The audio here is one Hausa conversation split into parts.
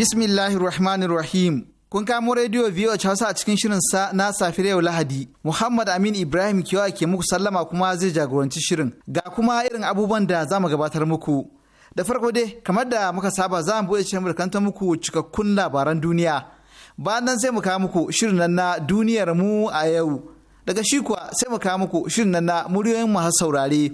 Bismillahirrahmanirrahim. Kun kamo rediyo VOH Hausa a cikin shirin sa na safiyar yau Lahadi. Muhammad Aminu Ibrahim Kiyawa ke muku sallama kuma zai jagoranci shirin. Ga kuma irin abubuwan da za mu gabatar muku. Da farko dai, kamar da muka saba za mu buɗe cikin burkanta muku cikakkun labaran duniya. Bayan nan sai mu kawo muku shirin nan na duniyar mu a yau. Daga shi kuwa sai mu kawo muku shirin nan na muryoyin masu saurare.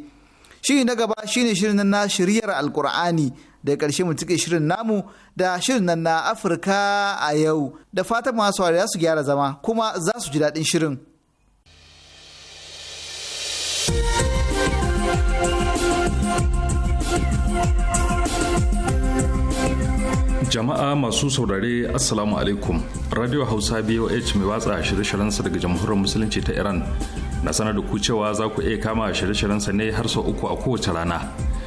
Shiri na gaba shine shirin nan na shiryar Alƙur'ani? da ƙarshe mu cike shirin namu da shirin nan na Afirka a yau da fatan masu za su gyara zama kuma za su ji daɗin shirin. jama'a masu saurare assalamu alaikum radio hausa boh mai watsa shirye sa daga jamhuriyar musulunci ta iran na sanar da ku cewa za ku iya kama shirye sa ne har sau uku a kowace rana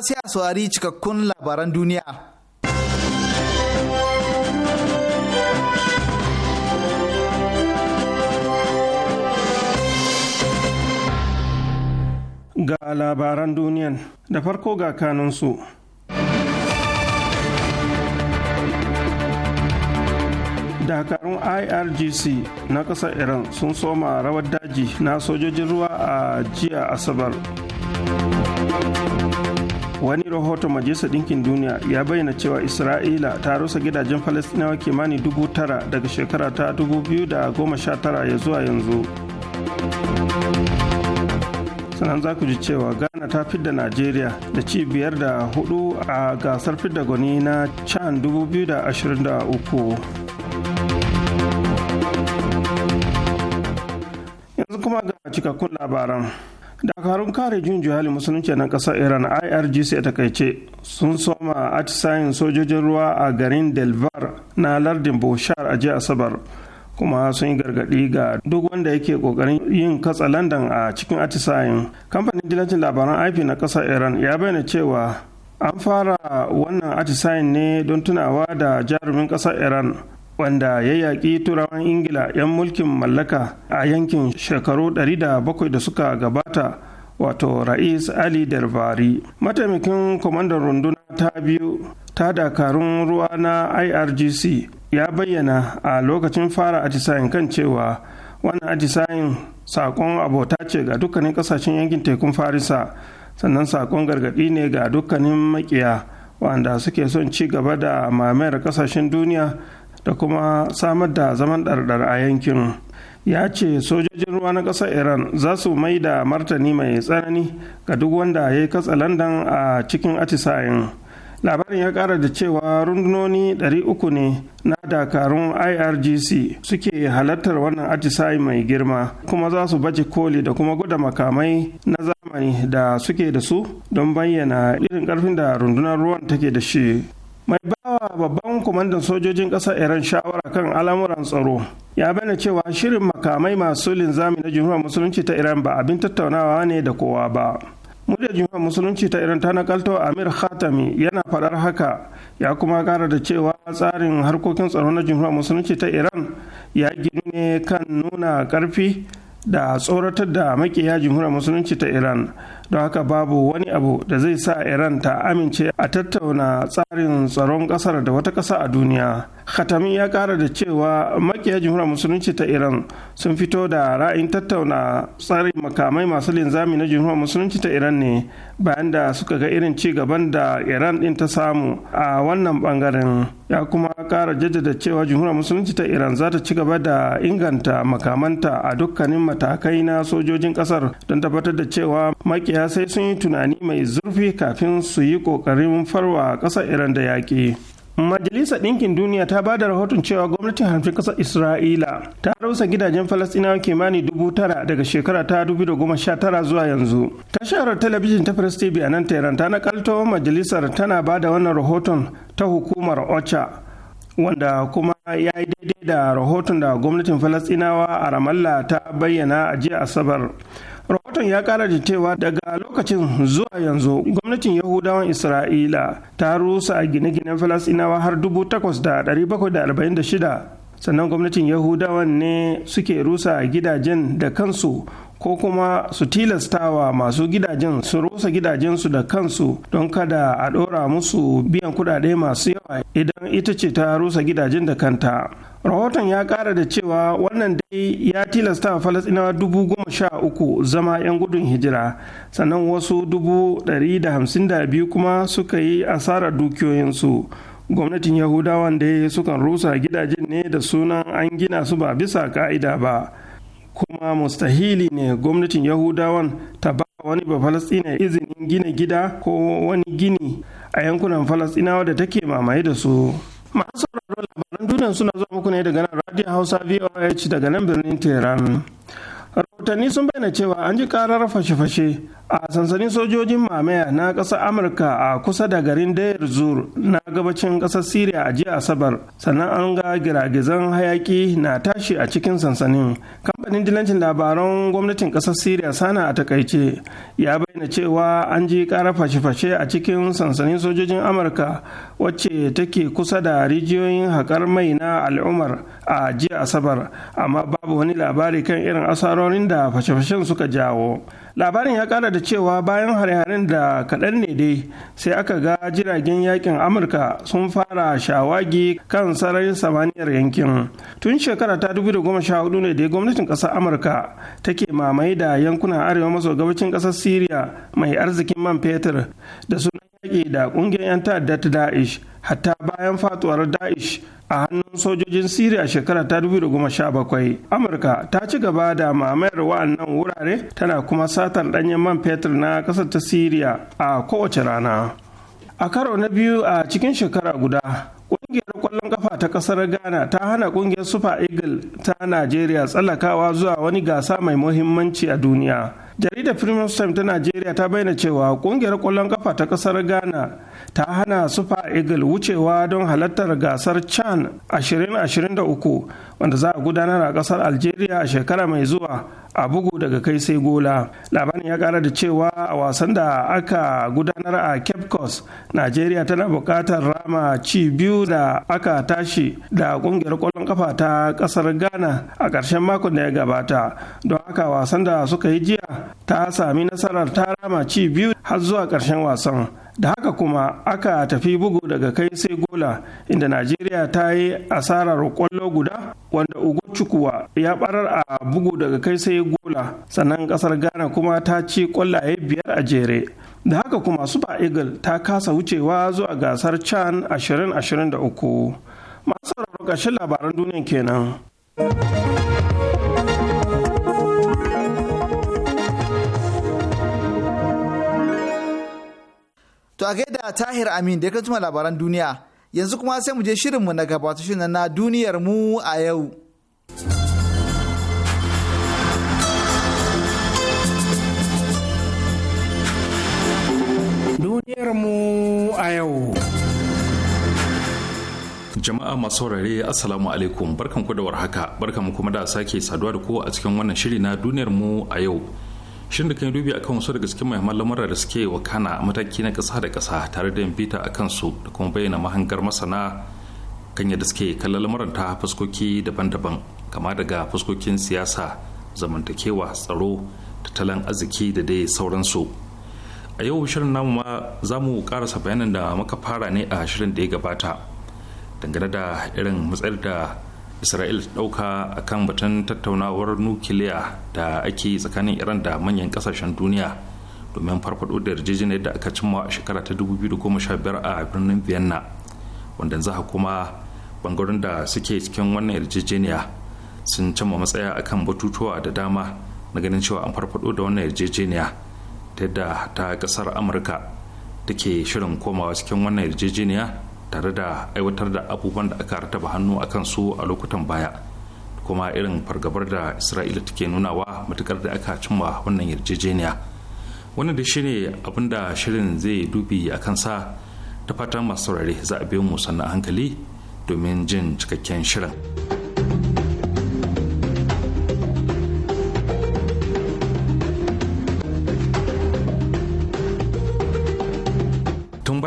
sai a saurari cikakkun labaran duniya. Ga labaran duniyan da farko ga kanunsu. dakarun irgc na ƙasar iran sun soma rawar daji na sojojin ruwa a jiya asabar wani rahoton majalisar ɗinkin duniya ya bayyana cewa isra'ila ta rusa gidajen falastinawa kimani dubu tara daga shekara ta dubu biyu da goma sha tara ya zuwa yanzu sannan za ku ji cewa ghana ta fidda najeriya da ci biyar da hudu a gasar fidda gwani na can dubu biyu da ashirin da uku. yanzu kuma ga cikakkun labaran dakarun kare jin juhali musulunci na kasar iran irgc a takaice sun soma atisayin sojojin ruwa a garin delvar na lardin bushar a jiya asabar kuma sun yi gargaɗi ga duk wanda yake ƙoƙarin yin katsa landan a cikin atisayin kamfanin dilancin labaran ip na ƙasar iran ya bayyana cewa an fara wannan atisayin ne don tunawa da jarumin ƙasar iran wanda ya yaƙi turawan ingila 'yan mulkin mallaka a yankin shekaru 700 da suka gabata wato ra'is ali darbari mataimakin kwamandan runduna ta biyu ta dakarun ruwa na irgc ya bayyana a lokacin fara atisayen kan cewa wannan atisayen sakon abota ce ga dukkanin kasashen yankin tekun farisa sannan sakon gargaɗi ne ga dukkanin makiya wanda suke son ci gaba da mamayar kasashen duniya da kuma samar da zaman ɗarɗar a yankin ya ce sojojin ruwa na ƙasar iran za su mai da martani mai tsanani ga duk wanda ya yi katsa landan a cikin atisayen labarin ya ƙara da cewa rundunoni 300 ne na dakarun irgc suke halartar wannan atisayi mai girma kuma za su baje koli da kuma gwada makamai na zamani da suke da su don bayyana irin ƙarfin da rundunar ruwan take da shi mai bawa babban kwamandan sojojin ƙasar iran shawara kan al'amuran tsaro ya bayyana cewa shirin makamai masu linzami na jihuwar musulunci ta iran ba abin tattaunawa ne da kowa ba muryar jihuwar musulunci ta iran ta nakalto amir khatami yana faɗar haka ya kuma ƙara da cewa tsarin harkokin tsaro na jihuwar musulunci ta iran ya ginu ne kan nuna ƙarfi da tsoratar da makiya jihuwar musulunci ta iran don haka babu wani abu da zai sa iran ta amince a tattauna tsarin tsaron kasar da wata kasa a duniya khatami ya kara da cewa makiya jimura musulunci ta iran sun fito da ra'ayin tattauna tsarin makamai masu linzami na jimura musulunci ta iran ne bayan da suka ga irin ci gaban da iran din ta samu a wannan bangaren ya kuma kara jaddada cewa jimura musulunci ta iran za ta ci gaba da inganta makamanta a dukkanin matakai na sojojin kasar don tabbatar da cewa makiya ya sai sun yi tunani mai zurfi kafin su yi ƙoƙarin farwa ƙasar iran da yaƙi Majalisa Ɗinkin Duniya ta ba da rahoton cewa gwamnatin harfi ƙasar Isra'ila ta rusa gidajen falastinawa kimanin dubu tara daga shekara ta dubu da goma sha tara zuwa yanzu. Tashar talabijin ta Press TV a nan Tehran ta nakalto majalisar tana ba da wannan rahoton ta hukumar OCHA wanda kuma ya yi daidai da rahoton da gwamnatin Falasɗinawa a Ramallah ta bayyana a jiya Asabar. rahoton ya kara da cewa daga lokacin zuwa yanzu gwamnatin yahudawan isra'ila ta rusa a gine-ginen falasinawa har 8,746 sannan gwamnatin yahudawan ne suke rusa gidajen da kansu ko kuma su tilastawa masu gidajen su rusa gidajensu da kansu don kada a ɗora musu biyan kuɗaɗe masu yawa idan ita ce ta rusa gidajen da kanta rahoton ya ƙara da cewa wannan dai ya tilasta wa falasɗinawa dubu goma sha uku zama 'yan gudun hijira sannan wasu dubu ɗari da hamsin da biyu kuma suka yi asarar dukiyoyinsu gwamnatin yahudawan da sukan rusa gidajen ne da sunan an gina su ba bisa ka'ida ba kuma mustahili ne gwamnatin yahudawan ta ba wani ba izinin gina gida ko wani gini a yankunan falastinawa da take mamaye da su masu sauraron labaran duniya suna zuwa muku ne daga nan radio hausa voh daga nan birnin tehran rahotanni sun bayyana cewa an ji karar fashe-fashe a sansanin sojojin mamaya na ƙasar amurka a kusa da garin deir zur na gabacin ƙasar syria a jiya asabar sannan an ga giragizan hayaki na tashi a cikin sansanin kamfanin dilancin labaran gwamnatin ƙasar syria sana a takaice ya bayyana cewa an ji ƙara fashe-fashe a cikin sansanin sojojin amurka wacce take kusa da rijiyoyin haƙar mai na al'umar a jiya asabar amma babu wani labari kan irin asarorin da fashe-fashen suka jawo labarin ya kara da cewa bayan hare-haren da kaɗan ne dai sai aka ga jiragen yakin amurka sun fara shawagi kan sararin samaniyar yankin tun shekara ta 2014 ne dai gwamnatin ƙasar amurka take mamaye da yankunan arewa maso gabacin ƙasar syria mai arzikin man fetur da sunan yaƙi da ƙungiyar 'yan ta'adda ta da'ish hatta bayan fatuwar Daesh a hannun sojojin Siriya shekara ta bakwai. Amurka ta ci gaba da mamayar wa'annan wurare tana kuma satar ɗanyen man fetur na ƙasar ta Siriya a kowace rana. A karo na biyu a cikin shekara guda, ƙungiyar ƙwallon kafa ta ƙasar Ghana ta hana ƙungiyar Super Eagle ta Najeriya tsallakawa zuwa wani gasa mai muhimmanci a duniya. Jaridar Premium Time ta Najeriya ta bayyana cewa ƙungiyar ƙwallon kafa ta ƙasar Ghana ta hana Super Eagle wucewa don halartar gasar Chan 2023 wanda za a gudanar a kasar algeria a shekara mai zuwa a bugu daga kai sai gola labarin ya kara da cewa a wasan da aka gudanar a cape coast nigeria tana bukatar rama ci biyu da aka tashi da ƙungiyar kwallon kafa ta ƙasar ghana a ƙarshen makon da ya gabata don haka wasan da suka yi jiya ta sami nasarar ta rama ci biyu har zuwa karshen wasan da haka kuma aka tafi bugu daga kai sai gola inda najeriya ta yi asarar kwallo guda wanda Ugochukwu ya barar a bugu daga kai sai gola sannan kasar Ghana kuma ta ci kwallaye biyar a jere. Da haka kuma Super Eagle ta kasa wucewa zuwa gasar CHAN 2023. Masu sauraro ƙarshen labaran duniya kenan. To a gaida Tahir Amin da ya kan labaran duniya yanzu kuma sai mu je shirinmu na gaba ta shirin na duniyar mu a yau. Duniyar mu a yau. Jama'a masu saurare Assalamu alaikum barkan ku da warhaka barkan kuma da sake saduwa da ku a cikin wannan shiri na duniyar mu a yau. shin da kan dubi akan wasu daga cikin muhimman lamura da suke wakana a mataki na kasa da kasa tare da bita a kansu da kuma bayyana mahangar masana kan yadda suke kallon lamuran ta fuskoki daban-daban kama daga fuskokin siyasa zamantakewa tsaro tattalin arziki da dai sauransu a yau shirin namu ma za mu karasa bayanan da muka fara ne a shirin da ya gabata dangane da irin matsayar da ta ɗauka a kan batun tattaunawar nukiliya da ake tsakanin iran da manyan kasashen duniya domin farfado da yarjejeniyar da aka cimma a shekara ta 2015 a birnin vienna wanda za kuma bangaren da suke cikin wannan yarjejeniya sun cimma matsaya akan batutuwa da dama na ganin cewa an farfado da wannan yarjejeniya ta yadda ta kasar amurka take shirin komawa cikin wannan yarjejeniya tare da aiwatar da abubuwan da aka rataba hannu a su a lokutan baya kuma irin fargabar da isra'ila take nunawa matukar da aka cimma wannan yarjejeniya wannan da shine abin da shirin zai dubi a kansa ta fatan masu saurare za a biyo mu sannan hankali domin jin cikakken shirin.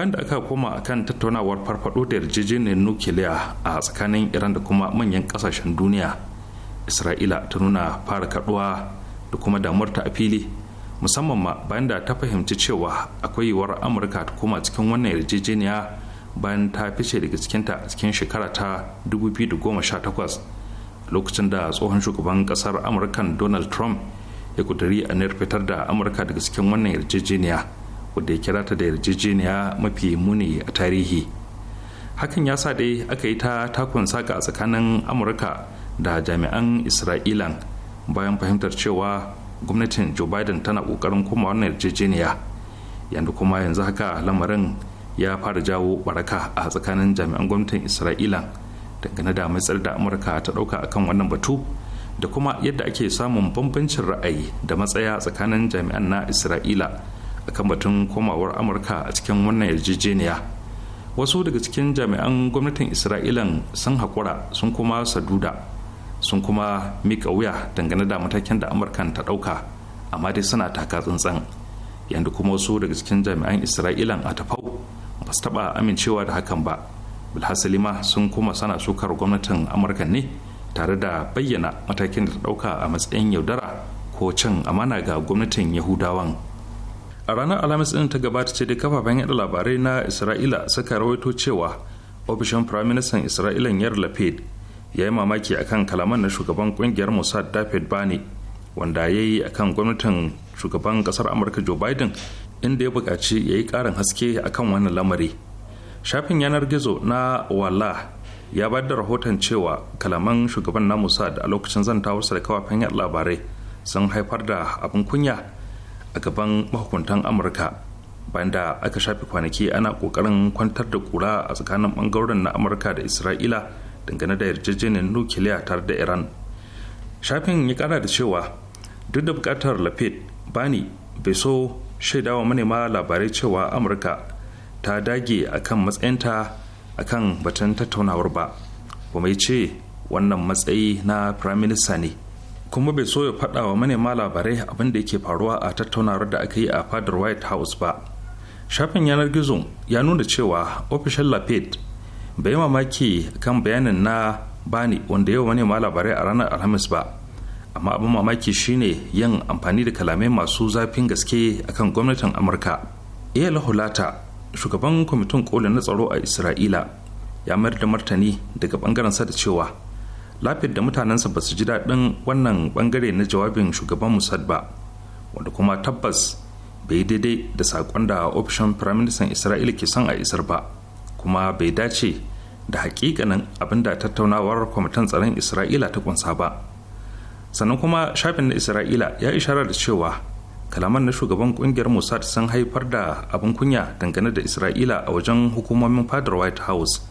bayan da aka koma kan tattaunawar farfado da yarjejeniyar nukiliya a tsakanin iran da kuma manyan kasashen duniya isra'ila ta nuna fara kaduwa da kuma damuwarta a fili musamman ma bayan da ta fahimci cewa akwai yiwuwar amurka ta koma cikin wannan yarjejeniya bayan ta fice daga cikinta a cikin shekara ta 2018 lokacin da tsohon shugaban kasar amurkan donald trump ya kuduri a fitar da amurka daga cikin wannan yarjejeniya wadda ya kira ta da yarjejeniya mafi muni a tarihi hakan ya sa dai aka yi ta takun saka a tsakanin amurka da jami'an isra'ilan bayan fahimtar cewa gwamnatin joe biden tana kokarin kuma wannan yarjejeniya yanda kuma yanzu haka lamarin ya fara jawo baraka a tsakanin jami'an gwamnatin isra'ila dangane da matsar da amurka ta dauka akan wannan batu da kuma yadda ake samun bambancin ra'ayi da matsaya tsakanin jami'an na isra'ila akan batun komawar amurka a cikin wannan yarjejeniya wasu daga cikin jami'an gwamnatin isra'ilan sun haƙura sun kuma saduda sun kuma mika wuya dangane da matakin da amurkan ta ɗauka amma dai suna taka tsantsan yadda kuma wasu daga cikin jami'an isra'ilan a tafau ba su taɓa amincewa da hakan ba bilhassali ma sun kuma sana sukar gwamnatin amurka ne tare da bayyana matakin da ta ɗauka a matsayin yaudara ko cin amana ga gwamnatin yahudawan a ranar alhamis ɗin ta gabata ce da kafafen yada labarai na isra'ila suka rawaito cewa ofishin firaministan isra'ilan yar lapid ya yi mamaki akan kalaman na shugaban kungiyar mossad david bani wanda ya yi akan gwamnatin shugaban kasar amurka joe biden inda ya buƙaci ya yi ƙarin haske akan wannan lamari shafin yanar gizo na wala ya bayar da rahoton cewa kalaman shugaban na mossad a lokacin zantawarsa da kafafen yada labarai sun haifar da abin kunya a gaban mahukuntan amurka bayan da aka shafe kwanaki ana kokarin kwantar da kura a tsakanin bangaren na amurka da isra'ila dangane da yarjejeniyar nukiliya tare da iran shafin ya kara da cewa duk da bukatar lafid bani bai so shaidawa manema labarai cewa amurka ta dage akan matsayinta akan batun tattaunawar ba kuma ya ce wannan matsayi na firaminista ne kuma bai so ya faɗa wa manema labarai abin da yake faruwa a tattaunawar da aka yi a fadar white house ba shafin yanar gizo ya nuna cewa ofishin lafayette bai mamaki kan bayanin na bani wanda yau manema labarai a ranar alhamis ba amma abin mamaki shine yin amfani da kalamai masu zafin gaske akan gwamnatin amurka iya lahulata shugaban kwamitin koli na tsaro a isra'ila ya mayar da martani daga bangaren sa da cewa lafiyar da mutanensa ba su ji daɗin wannan ɓangare na jawabin shugaban musad ba wanda kuma tabbas bai daidai da saƙon da ofishin firaministan isra'ila ke son a isar ba kuma bai dace da hakikanin da tattaunawar kwamitin tsaron isra'ila ta kunsa ba sannan kuma shafin na isra'ila ya isharar da cewa kalaman na shugaban kungiyar musad sun haifar da abin kunya dangane da isra'ila a wajen hukumomin fadar white house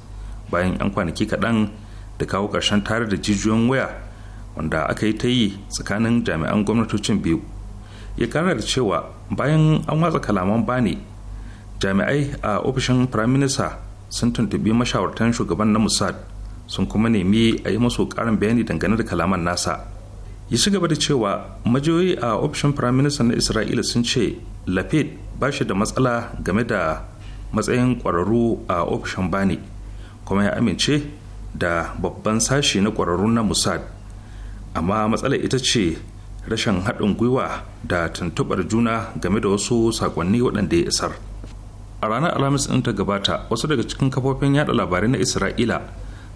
bayan 'yan kwanaki kaɗan da kawo ƙarshen tare da jijiyoyin waya wanda aka yi ta yi tsakanin jami'an gwamnatocin biyu ya kara da cewa bayan an watsa kalaman bani jami'ai a ofishin firaminista sun tuntubi mashawartan shugaban na musad sun kuma nemi a yi masu ƙarin bayani dangane da kalaman nasa ya ci gaba da cewa majiyoyi a ofishin firaminista na isra'ila sun ce lapid ba shi da matsala game da matsayin ƙwararru a ofishin bani kuma ya amince da babban sashi na ƙwararrun na musad amma matsalar ita ce rashin haɗin gwiwa da tuntuɓar juna game da wasu sakonni waɗanda ya isar a ranar alhamis ɗin ta gabata wasu daga cikin kafofin yada labarai na isra'ila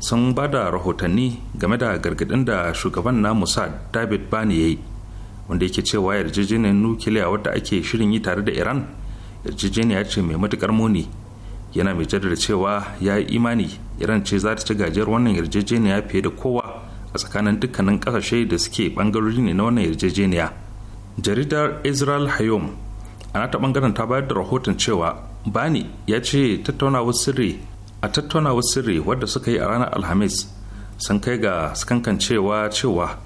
sun ba da rahotanni game da gargaɗin da shugaban na musad david bani ya yi wanda yake cewa yarjejeniyar nukiliya wadda ake shirin yi tare da iran yarjejeniya ce mai matuƙar muni yana mai jaddada cewa ya yi imani iran ce za ta ci gajiyar wannan yarjejeniya fiye da kowa a tsakanin dukkanin kasashe da suke bangarori ne na wannan yarjejeniya jaridar israel hayom ana ta bangaren ta bayar da rahoton cewa bani ya ce tattaunawar sirri a tattaunawar sirri wadda suka yi a ranar alhamis sun kai ga skankan cewa cewa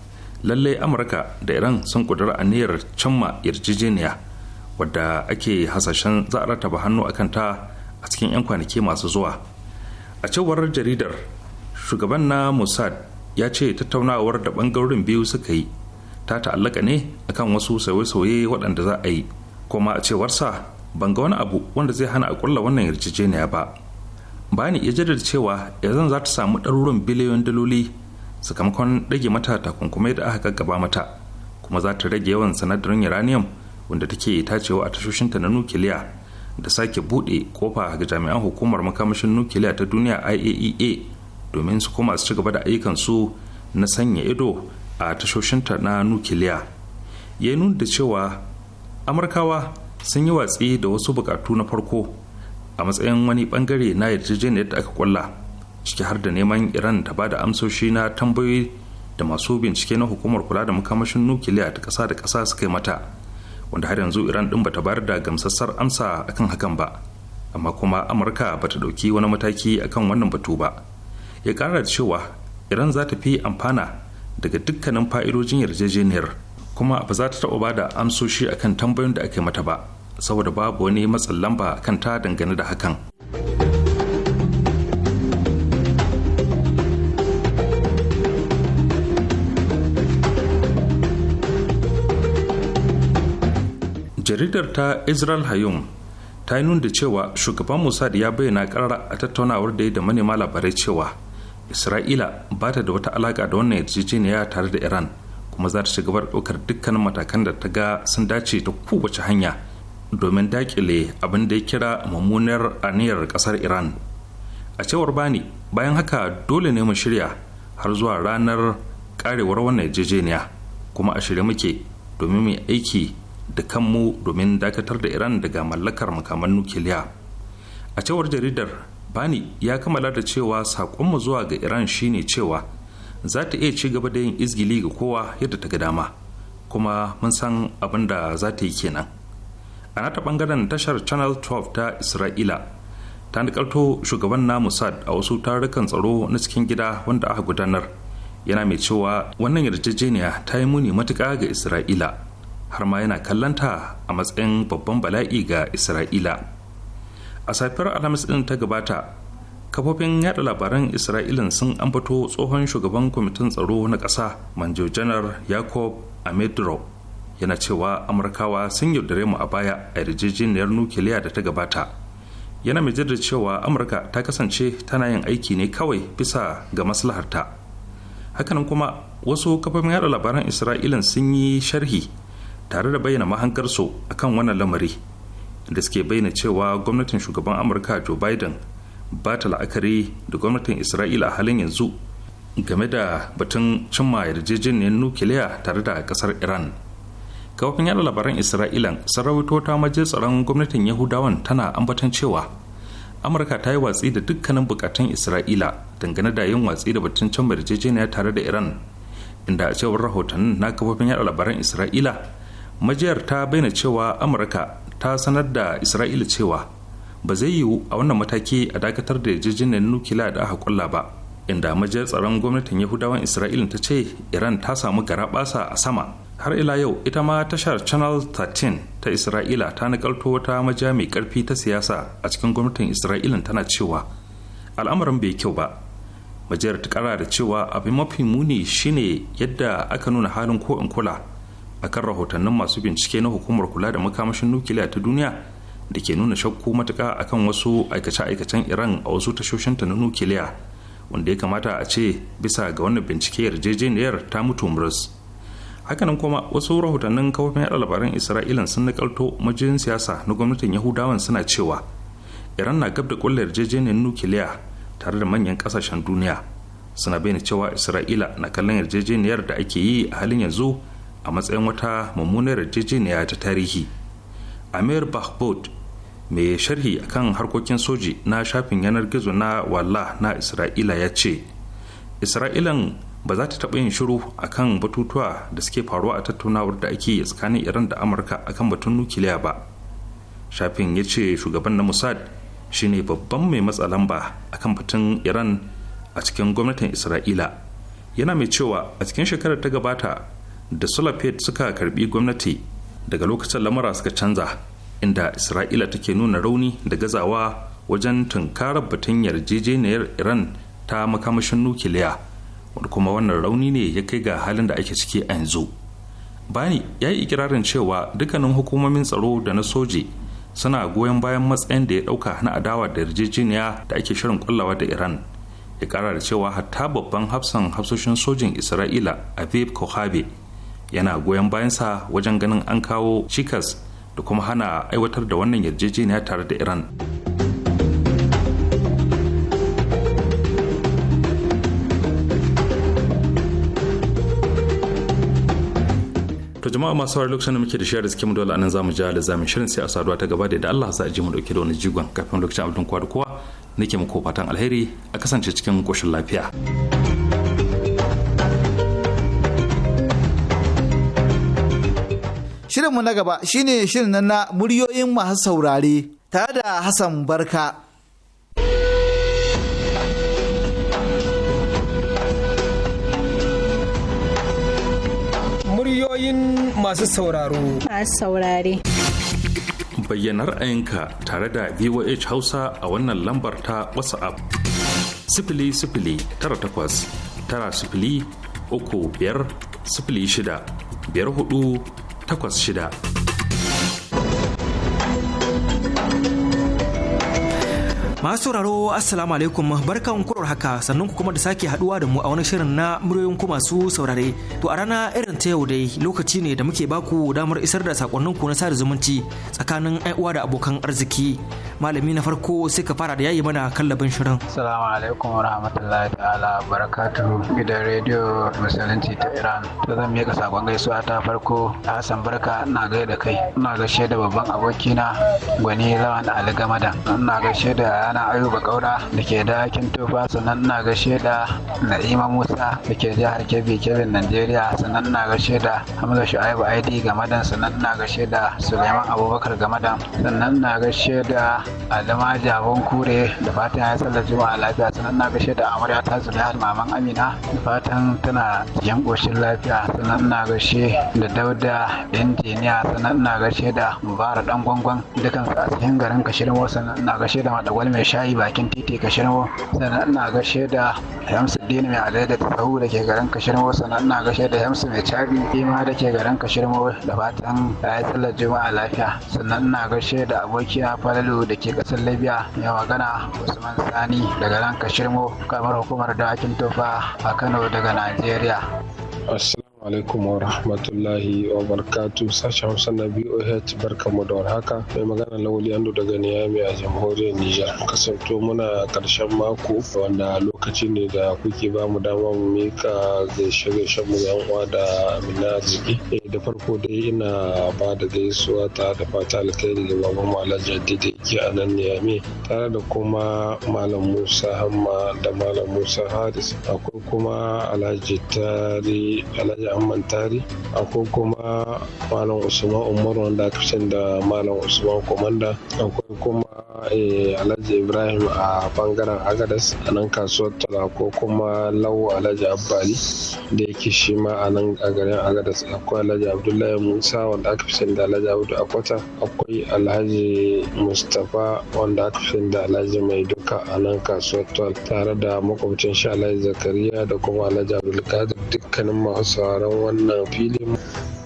lallai amurka da iran sun kudura aniyar cimma yarjejeniya wadda ake hasashen za a hannu akan ta a cikin 'yan kwanaki masu zuwa a cewar jaridar shugaban na mossad ya ce tattaunawar da bangarorin biyu suka yi ta ta'allaka ne akan wasu sauye-sauye waɗanda za a yi koma a cewarsa ban ga wani abu wanda zai hana a kulla wannan yarjejeniya ba bani ya jaddada cewa yanzu za ta samu ɗaruruwan biliyon daloli sakamakon rage mata takunkumai da aka gaba mata kuma za ta rage yawan sanadarin uranium wanda take tacewa a tashoshinta na nukiliya da sake bude kofa ga jami'an hukumar makamashin nukiliya ta duniya iaea e domin su koma su ci gaba da ayyukansu na sanya ido a tashoshinta na nukiliya ya nuna da cewa amurkawa sun yi watsi da wasu bukatu na farko a matsayin wani bangare na yarjejeniyar da aka kwalla ciki har da neman iran ta ba da amsoshi na tambayoyi da masu bincike na hukumar kula da makamashin nukiliya ta ƙasa da ƙasa suka yi mata wanda har yanzu iran din bata bayar da gamsassar amsa akan hakan ba amma kuma amurka bata dauki wani mataki akan wannan batu ba ya kara da cewa iran za ta fi amfana daga dukkanin fa'idojin yarjejeniyar kuma ba za ta taɓa ba da amsoshi akan tambayoyin da aka mata ba saboda babu wani matsin lamba kan ta dangane da hakan. jaridar ta israel hayum ta yi nuna cewa shugaban mossad ya bayyana karara a tattaunawar da ya da manema labarai cewa isra'ila ba ta da wata alaka da wannan yarjejeniya tare da iran kuma za ta ci gaba ɗaukar dukkanin matakan da ta ga sun dace ta kowace hanya domin dakile abin da ya kira mummunar aniyar ƙasar iran a cewar bani bayan haka dole ne mu shirya har zuwa ranar karewar wannan yarjejeniya kuma a shirya muke domin mu aiki da kanmu domin dakatar da iran daga mallakar makaman nukiliya a cewar jaridar bani ya kammala da cewa saƙonmu zuwa ga iran shine cewa za ta iya ci gaba da yin izgili ga kowa yadda ta ga dama kuma mun san abin da za ta yi kenan a nata bangaren tashar channel 12 ta isra'ila ta nikalto shugaban na musad a wasu tarukan tsaro na cikin gida wanda aka gudanar yana mai cewa wannan yarjejeniya ta yi muni matuƙa ga isra'ila har ma yana kallanta a matsayin babban bala'i ga isra'ila a safiyar alhamis ɗin ta gabata kafofin yada labaran isra'ila sun ambato tsohon shugaban kwamitin tsaro na ƙasa manjo janar yakob amedro yana cewa amurkawa sun yaudare mu a baya a yarjejeniyar nukiliya da ta gabata yana mai da cewa amurka ta kasance tana yin aiki ne kawai bisa ga maslaharta hakanan kuma wasu kafofin yada labaran isra'ila sun yi sharhi tare da bayyana mahangarsu kan wannan lamari da suke bayyana cewa gwamnatin shugaban amurka joe biden ba ta la'akari da gwamnatin isra'ila a halin yanzu game da batun cimma yarjejeniyar nukiliya tare da kasar iran kafin yada labaran isra'ilan sarrawato ta maje tsaron gwamnatin yahudawan tana ambatan cewa amurka ta yi watsi da dukkanin bukatun isra'ila dangane da yin watsi da batun cimma yarjejeniya tare da iran inda a cewar rahotannin na kafofin yada labaran isra'ila majiyar ta bayyana cewa amurka ta sanar da isra'ila cewa ba zai yiwu a wannan mataki a dakatar da yarjejeniyar nukila da aka kulla ba inda majiyar tsaron gwamnatin yahudawan isra'ila ta ce iran ta samu garaɓasa a sama har ila yau ita ma tashar channel 13 ta isra'ila ta nakalto wata maja mai karfi ta siyasa a cikin gwamnatin isra'ila tana cewa al'amarin bai kyau ba majiyar ta kara da cewa abin mafi muni shine yadda aka nuna halin ko in kula akan rahotannin masu bincike na hukumar kula da makamashin nukiliya ta duniya da ke nuna shakku matuka akan wasu aikace-aikacen iran a wasu tashoshinta na nukiliya wanda ya kamata a ce bisa ga wannan bincike yarjejeniyar ta mutu murus hakanan kuma wasu rahotannin kawafin yada labaran isra'ilan sun nakalto majiyin siyasa na gwamnatin yahudawan suna cewa iran na gab da kulla yarjejeniyar nukiliya tare da manyan kasashen duniya suna bayyana cewa isra'ila na kallon yarjejeniyar da ake yi a halin yanzu a matsayin wata mummunar yarjejeniya ta tarihi amir bahbod mai sharhi akan harkokin soji na shafin yanar gizo na walla na isra'ila ya ce isra'ilan ba za ta taɓa yin shiru kan batutuwa da suke faruwa a tattaunawar da ake tsakanin iran da amurka akan batun nukiliya ba shafin ya ce shugaban na mossad shine babban mai matsalan ba akan batun iran a cikin gwamnatin isra'ila yana mai cewa a cikin shekarar ta gabata da sulafet suka karbi gwamnati daga lokacin lamura suka canza inda isra'ila take nuna rauni da gazawa wajen tunkarar batun yarjejeniyar iran ta makamashin nukiliya wanda kuma wannan rauni ne ya kai ga halin da ake ciki a yanzu bani ya yi ikirarin cewa dukkanin hukumomin tsaro da na soji suna goyon bayan matsayin da ya dauka na adawa da yarjejeniya da ake shirin kullawa da iran ya kara da cewa hatta babban hafsan hafsoshin sojin isra'ila aviv kohabe yana goyon bayansa wajen ganin an kawo cikas da kuma hana aiwatar da wannan yarjejeniya tare da iran to jama'a masu saurari lokacin da muke da shiyar da suke dole anan zamu ji da zamin shirin sai a saduwa ta gaba da da Allah za a ji mu dauke da wani jigon kafin lokacin abin kowa da kowa nake muku fatan alheri a kasance cikin koshin lafiya. Shirinmu na gaba shine shirin na muryoyin masu saurare tare da Hassan Barka. Muryoyin masu sauraro. Masu saurare. Bayyanar ra'ayinka tare da VOH Hausa a wannan lambar ta WhatsApp. Sifili sifili tara takwas tara sifili uku biyar sifili shida biyar hudu takwas shida. Masu sauraro Assalamu alaikum barkan kurar haka sannan ku kuma da sake haduwa da mu a wani shirin na muryoyin ku masu saurare. To a rana irin ta yau dai lokaci ne da muke baku damar isar da sakonnin ku na sada zumunci tsakanin ai uwa da abokan arziki. Malami na farko sai ka fara da yayi mana kallabin shirin. Assalamu alaikum wa rahmatullahi ta'ala barakatu. gidan rediyo musulunci ta Iran. To zan miƙa sakon gaisuwa ta farko Hassan Barka ina gaida kai. Ina gaishe da babban abokina Gwani Lawan Ali Ina gaishe da ɗana ayuba kaura da ke dakin tufa sannan na gaishe da na'ima musa da ke jihar kebbi kebbin najeriya sannan na gaishe da hamza shu'aibu id gamadan sannan na gaishe da suleiman abubakar gamadan sannan na gaishe da adama jabon kure da fatan ya sallar juma'a lafiya sannan na gaishe da amarya ta zuliyar maman amina da fatan tana cikin ƙoshin lafiya sannan ina gaishe da dauda injiniya sannan na gaishe da mubarak dan gwangwan dukansu a cikin garin kashirin wasu sannan na gaishe da madagwal mai shayi bakin titi kashirmo sannan ina gashe da yamsu dini mai adai da tsawo da ke garin kashirmo sannan ina gashe da yamsu mai cabi ima da ke garin kashirmo da fatan ya yi tsallar juma'a lafiya sannan ina gashe da abokina falalu da ke kasar libya mai magana usman sani daga garin kashirmo kamar hukumar dakin tofa a kano daga najeriya alaikum wa rahmatullahi wa barkatu sashen hausa na boh barka mu da warhaka mai magana lawali ando daga niyami a jamhuriyar nijar kasanto muna karshen mako wanda lokaci ne da kuke ba mu dama mu mika gaishe gaishe mu yan uwa da amina arziki eh, da farko dai ina ba da gaisuwa ta da fata alkhairi da baban malam jaddi da yake a nan niyami tare da kuma malam musa hamma da malam musa haris akwai kuma alhaji tari alhaji Alhaji Amman Tari akwai kuma Malam Usman Umar wanda aka fi da Malam Usman Komanda akwai kuma eh, Alhaji Ibrahim a bangaren Agadas a nan kasuwar Tala ko kuma Lawo Alhaji Abbali da yake shi ma a nan a garin Agadas akwai Alhaji Abdullahi Musa wanda aka fi da Alhaji Abdu Akwata akwai Alhaji Mustapha wanda aka fi da Alhaji Mai Duka a nan kasuwar Tala tare da makwabcin shi Alhaji Zakariya da kuma Alhaji Abdulkadir dukkanin masu sauraron wannan fili.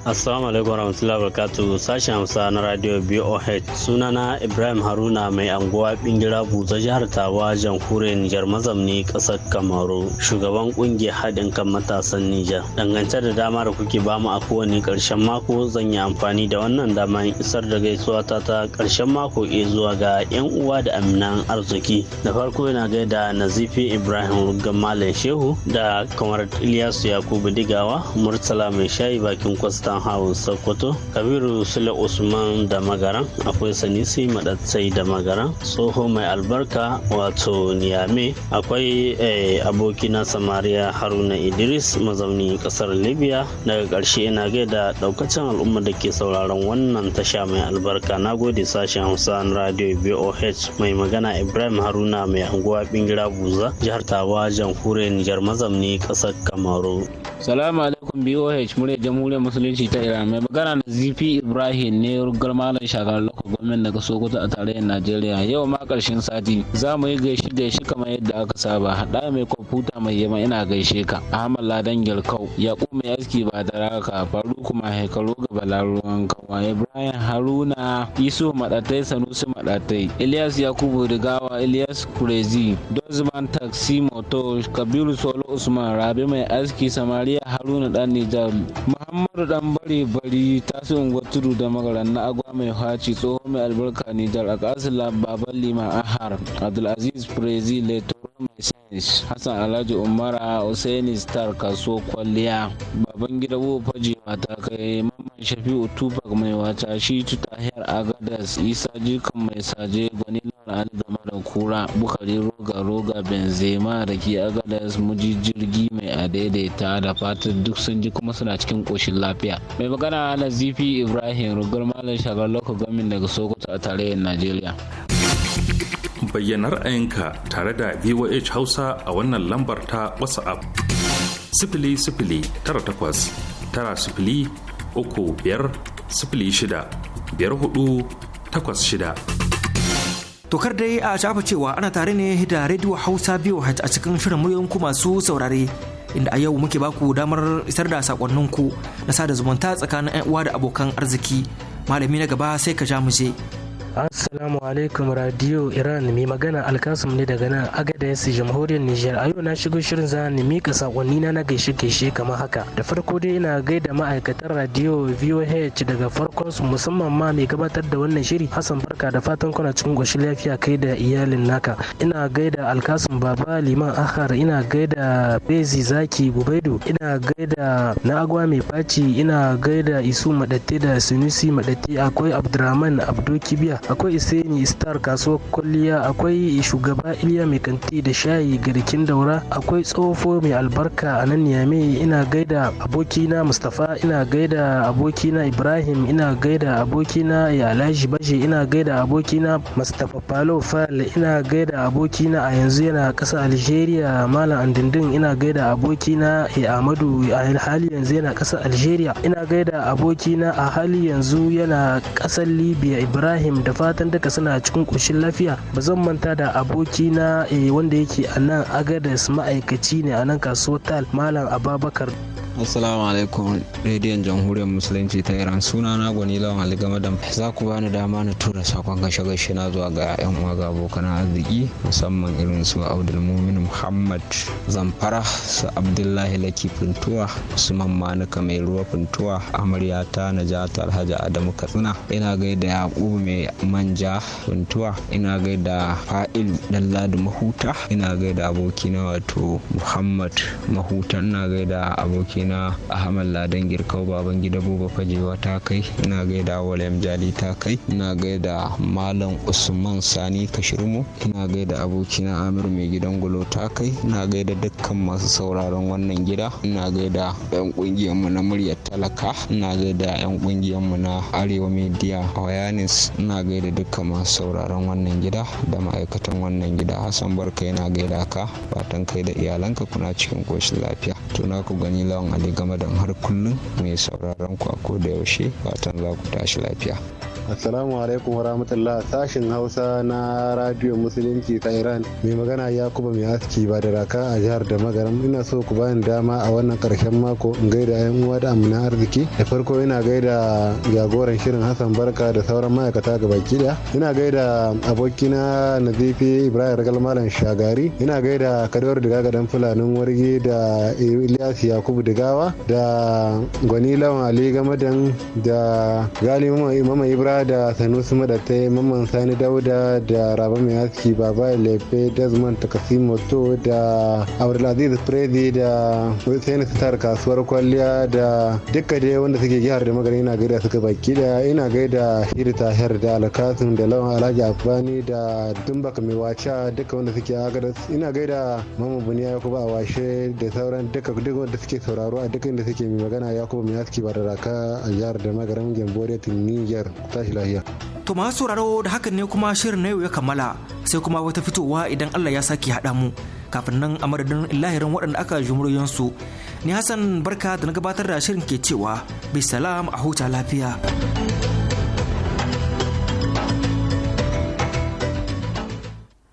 Assalamu alaikum warahmatullahi wabarakatuh sashen Hausa na Radio BOH sunana Ibrahim Haruna mai anguwa bingira buza jihar Tawa jamhuriyar Nijar mazamni kasar Kamaru shugaban kungiyar haɗin kan matasan Nijar dangance da dama da kuke bamu a kowane ƙarshen mako zan yi amfani da wannan dama isar da gaisuwa ta ta ƙarshen mako e zuwa ga yan uwa da aminan arziki da farko yana gaida Nazifi Ibrahim Ruggan Shehu da kamar Ilyasu Yakubu Digawa murtala mai shayi bakin kwastan hawan sokoto kabiru sule usman da magaran akwai sanisi madatsai da magara tsoho mai albarka wato niyame akwai eh, abokina samariya haruna idris mazaunin kasar libya daga ƙarshe ina gaida daukacin al'umma da ke sauraron wannan tasha mai albarka na gode sashen hausa radio boh mai magana ibrahim haruna mai anguwa bingira buza jihar tawa jamhuriyar nijar mazauni kasar kamaru salamu alaikum alaikum BOH murya jamhuriyar musulunci ta Iran mai magana da ZP Ibrahim ne rugar malam shagar lokacin gwamnati daga Sokoto a tarayyar Najeriya yau ma karshen sati za mu yi gaishe gaishe kamar yadda aka saba haɗa mai kwamfuta mai yama ina gaishe ka Ahmad Ladan Gelkau Yakubu mai aski ba raka faru kuma haikaro ga Balaruwan Kawa Ibrahim Haruna Yusuf Madatai Sanusi Madatai Ilyas Yakubu Rigawa Ilyas Kurezi Dozman Taxi Moto Kabiru Solo Usman Rabi mai aski Samariya Haruna ƙasa Nijar. Muhammadu Dan Bari Bari su Tudu da magaran na agwa mai haci tsohon mai albarka Nijar a kasar Baban Liman Ahar Abdulaziz Prezi Leto Hassan Alhaji Umara Usaini Star Kaso Kwalliya Baban gida Faji mata Mamman Shafi'u Tupac mai wata shi Tahir Agadas Isa Jikan mai saje Gwani Lara Ali da Kura Bukari Roga Roga Benzema da ke Agadas Muji Jirgi mai adaidaita da fatan duk sun ji kuma suna cikin koshin lafiya. Mai magana Nazifi Ibrahim Rugar Malam Shagar Loko Gamin daga Sokoto a tarayyar Najeriya. bayyana ra'ayinka tare da voh hausa a wannan lambar ta whatsapp sifili sifili tara takwas tara sifili uku biyar sifili shida biyar hudu takwas shida tokar dai a shafa cewa ana tare ne da rediyo hausa biyu a cikin shirin muryoyin masu saurare inda a yau muke baku damar isar da sakonninku na sada zumunta tsakanin 'yan uwa da abokan arziki malami na gaba sai ka ja mu je Assalamu alaikum Radio Iran mai magana Alkasum ne daga nan Agadez Jamhuriyar Nijar. A yau na shigo shirin za ni mika sakonni na na gaishe gaishe kamar haka. Da farko dai ina gaida ma'aikatar Radio VOH daga farkon su musamman ma mai gabatar da wannan shiri Hassan Barka da fatan kuna cikin goshin lafiya kai da iyalin naka. Ina gaida Alkasum Baba Liman Ahar, ina gaida Bezi Zaki Bubaidu, ina gaida Nagwa mai faci, ina gaida Isu Madatte da Sunusi Madatte, akwai Abdurrahman Abdo Kibiya, akwai Husaini Star kasuwar kwalliya akwai shugaba Iliya mai kanti da shayi garkin daura akwai tsofo mai albarka a nan Niyame ina gaida abokina Mustapha ina gaida abokina Ibrahim ina gaida abokina Yalaji Baje ina gaida abokina Mustapha Palo Fal ina gaida abokina a yanzu yana ƙasa Algeria Malam Andindin ina gaida abokina eh, Ahmadu a hali yanzu yana ƙasa Algeria ina gaida abokina a hali yanzu yana ƙasar Libya Ibrahim da fatan duka suna cikin ƙoshin lafiya ba zan manta da aboki na eh, wanda yake a nan agadas ma'aikaci ne a nan kasuwar tal malam ababakar assalamu alaikum rediyon jamhuriyar musulunci ta iran suna na gwani lawan aligama da za ku bani dama na tura sakon gashe gashe na zuwa ga yan uwa ga abokan arziki musamman irin su abdulmumin muhammad zamfara su abdullahi laki fintuwa su manuka mai ruwa funtuwa amarya ta najata alhaji adamu katsina ina gaida yakubu mai manja Hajiya Bintuwa ina gaida dan Ɗanladi Mahuta ina gaida abokina wato Muhammad Mahuta ina gaida abokina Ahmad Ladan Girkau baban gida Buba Fajewa ta kai ina gaida Walem Jali ta kai ina gaida Malam Usman Sani Kashirmu ina gaida abokina Amir mai gidan gulo ta kai ina gaida dukkan masu sauraron wannan gida ina gaida yan kungiyar mu na muryar talaka ina gaida yan kungiyar mu na Arewa Media Awareness ina gaida dukkan masu sauraron wannan gida da ma'aikatan wannan gida hassan barka yana gaida ka fatan kai da iyalanka kuna cikin koshin lafiya tuna ku gani lawan ali game da har kullum mai sauraron ku a da yaushe fatan za ku tashi lafiya Assalamu alaikum warahmatullah Sashen Hausa na Radio Musulunci ta Iran. Mai magana Yakuba mai aski ba da raka a jihar da magaram ina so ku bani dama a wannan karshen mako in gaida yan uwa da amina arziki. Da farko ina gaida jagoran shirin Hassan Barka da sauran ma'aikata ga daya. Ina gaida abokina Nazifi Ibrahim Ragal Malam Shagari. Ina gaida Kadawar Diga gadan Fulanin Warge da Ilyas Yakubu Digawa da Gwani Lawan Ali Gamadan da Galimu Mama Ibrahim kira da sanusi madatai mamman sani dauda da raba mai haski baba lefe desmond To da abdulaziz prezi da hussein sitar kasuwar kwalliya da duka dai wanda suke jihar da magana ina gaida suka baki da ina gaida hiri tahir da alkasim da lawan alhaji akbani da dumbaka mai wacha duka wanda suke agadas ina gaida mama buniya ya kuma a washe da sauran duka duk wanda suke sauraro a duk inda suke mai magana ya kuma mai haski ba da raka a jihar da magani gembore tun niger ta lahiya. To masu sauraro da hakan ne kuma shirin na yau ya kammala sai kuma wata fitowa idan Allah ya sake haɗa mu kafin nan a madadin lahirin waɗanda aka jumuriyon su. Ni Hassan barka da na gabatar da shirin ke cewa salam a huta lafiya.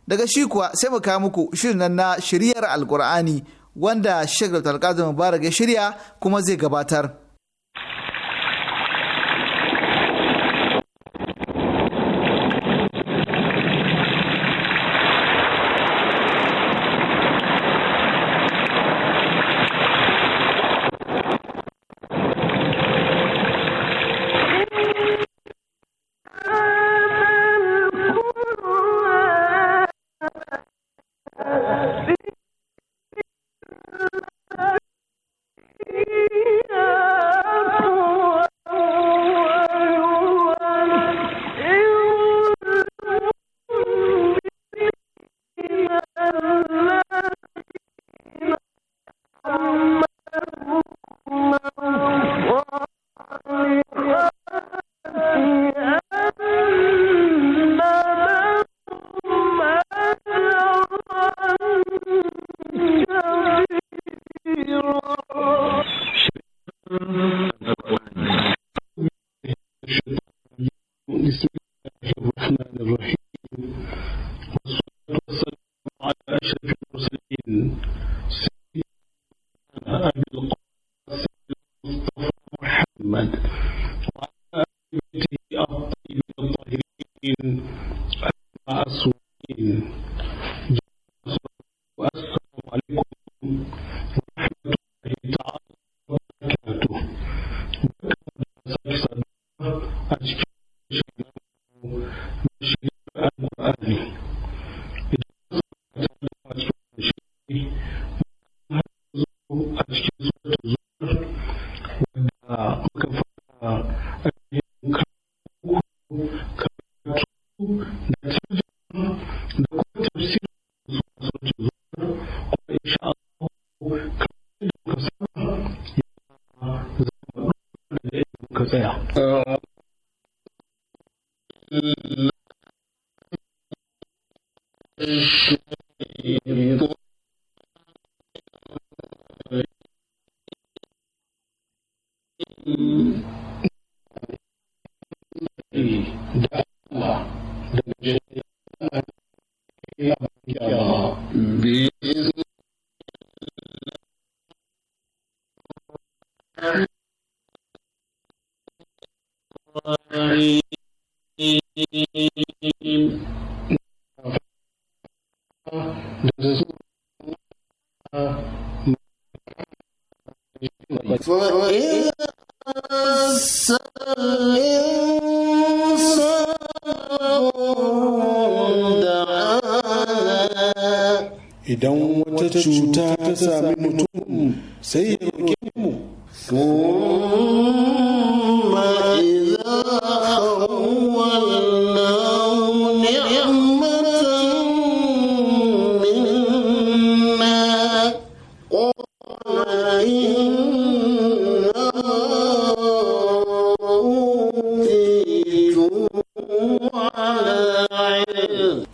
Daga shi kuwa sai mu kawo muku shirin nan na shiryar Alƙur'ani wanda Sheikh Dr. Mubarak ya shirya kuma zai gabatar.